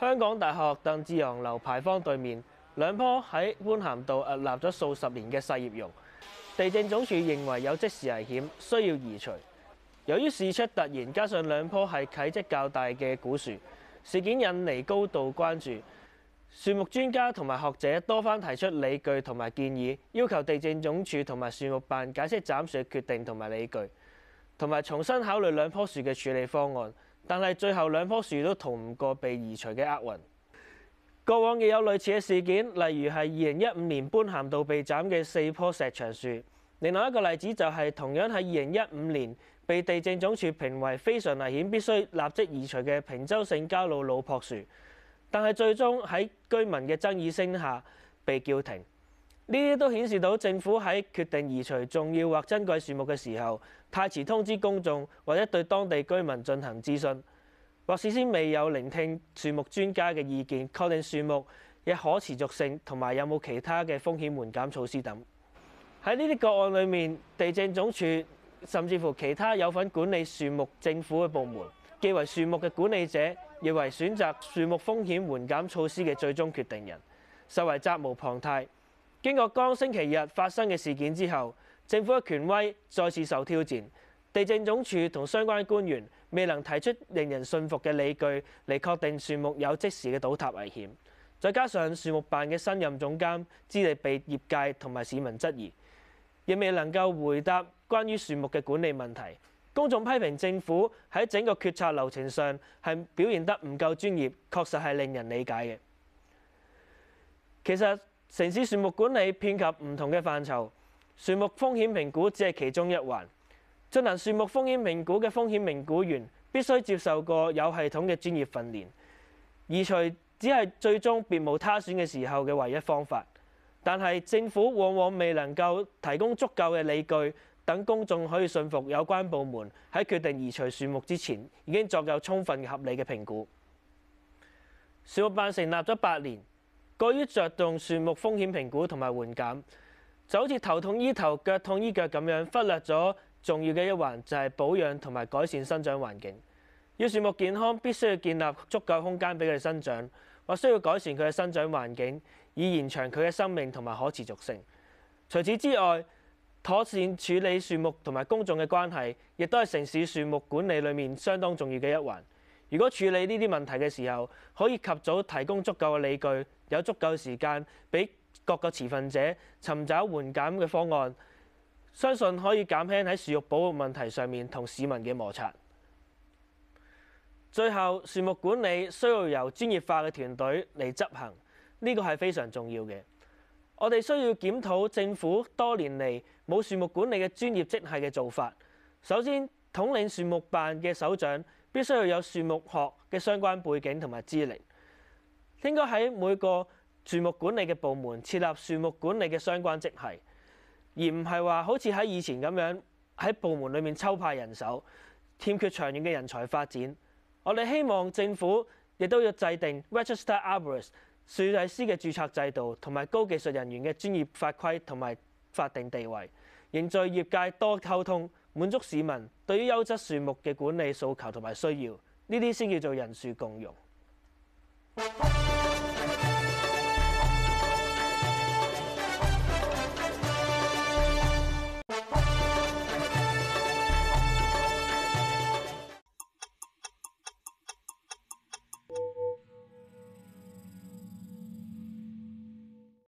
香港大學鄧志昂樓牌坊對面兩棵喺般咸道屹立咗數十年嘅細葉榕，地政總署認為有即時危險，需要移除。由於事出突然，加上兩棵係體積較大嘅古樹，事件引嚟高度關注。樹木專家同埋學者多番提出理據同埋建議，要求地政總署同埋樹木辦解釋斬樹的決定同埋理據，同埋重新考慮兩棵樹嘅處理方案。但係最後兩棵樹都逃唔過被移除嘅厄運。過往亦有類似嘅事件，例如係二零一五年般咸道被斬嘅四棵石牆樹。另外一個例子就係、是、同樣喺二零一五年被地政總署評為非常危險，必須立即移除嘅坪洲性交路老朴樹。但係最終喺居民嘅爭議聲下被叫停。呢啲都顯示到政府喺決定移除重要或珍貴樹木嘅時候，太遲通知公眾，或者對當地居民進行諮詢，或事先未有聆聽樹木專家嘅意見，確定樹木嘅可持續性，同埋有冇其他嘅風險緩減措施等。喺呢啲個案裏面，地政總署甚至乎其他有份管理樹木政府嘅部門，既為樹木嘅管理者，亦為選擇樹木風險緩減措施嘅最終決定人，實為責無旁貸。經過剛星期日發生嘅事件之後，政府嘅權威再次受挑戰。地政總署同相關官員未能提出令人信服嘅理據嚟確定樹木有即時嘅倒塌危險。再加上樹木辦嘅新任總監資歷被業界同埋市民質疑，亦未能夠回答關於樹木嘅管理問題。公眾批評政府喺整個決策流程上係表現得唔夠專業，確實係令人理解嘅。其實。城市樹木管理遍及唔同嘅範疇，樹木風險評估只係其中一環。進行樹木風險評估嘅風險評估員必須接受過有系統嘅專業訓練，移除只係最終別無他選嘅時候嘅唯一方法。但係政府往往未能夠提供足夠嘅理據，等公眾可以信服有關部門喺決定移除樹木之前已經作夠充分合理嘅評估。樹木辦成立咗八年。過於着重樹木風險評估同埋緩減，就好似頭痛醫頭、腳痛醫腳咁樣，忽略咗重要嘅一環，就係保養同埋改善生長環境。要樹木健康，必須要建立足夠空間俾佢哋生長，或需要改善佢嘅生長環境，以延長佢嘅生命同埋可持續性。除此之外，妥善處理樹木同埋公眾嘅關係，亦都係城市樹木管理裡面相當重要嘅一環。如果處理呢啲問題嘅時候，可以及早提供足夠嘅理據，有足夠嘅時間俾各個持份者尋找緩解嘅方案，相信可以減輕喺樹木保護問題上面同市民嘅摩擦。最後，樹木管理需要由專業化嘅團隊嚟執行，呢個係非常重要嘅。我哋需要檢討政府多年嚟冇樹木管理嘅專業職系嘅做法。首先，統領樹木辦嘅首長，必須要有樹木學嘅相關背景同埋資歷，應該喺每個樹木管理嘅部門設立樹木管理嘅相關職系，而唔係話好似喺以前咁樣喺部門裡面抽派人手，欠缺長遠嘅人才發展。我哋希望政府亦都要制定 Registered Arborist 樹藝師嘅註冊制度，同埋高技術人員嘅專業法規同埋法定地位，凝聚業界多溝通。滿足市民對於優質樹木嘅管理訴求同埋需要，呢啲先叫做人樹共融。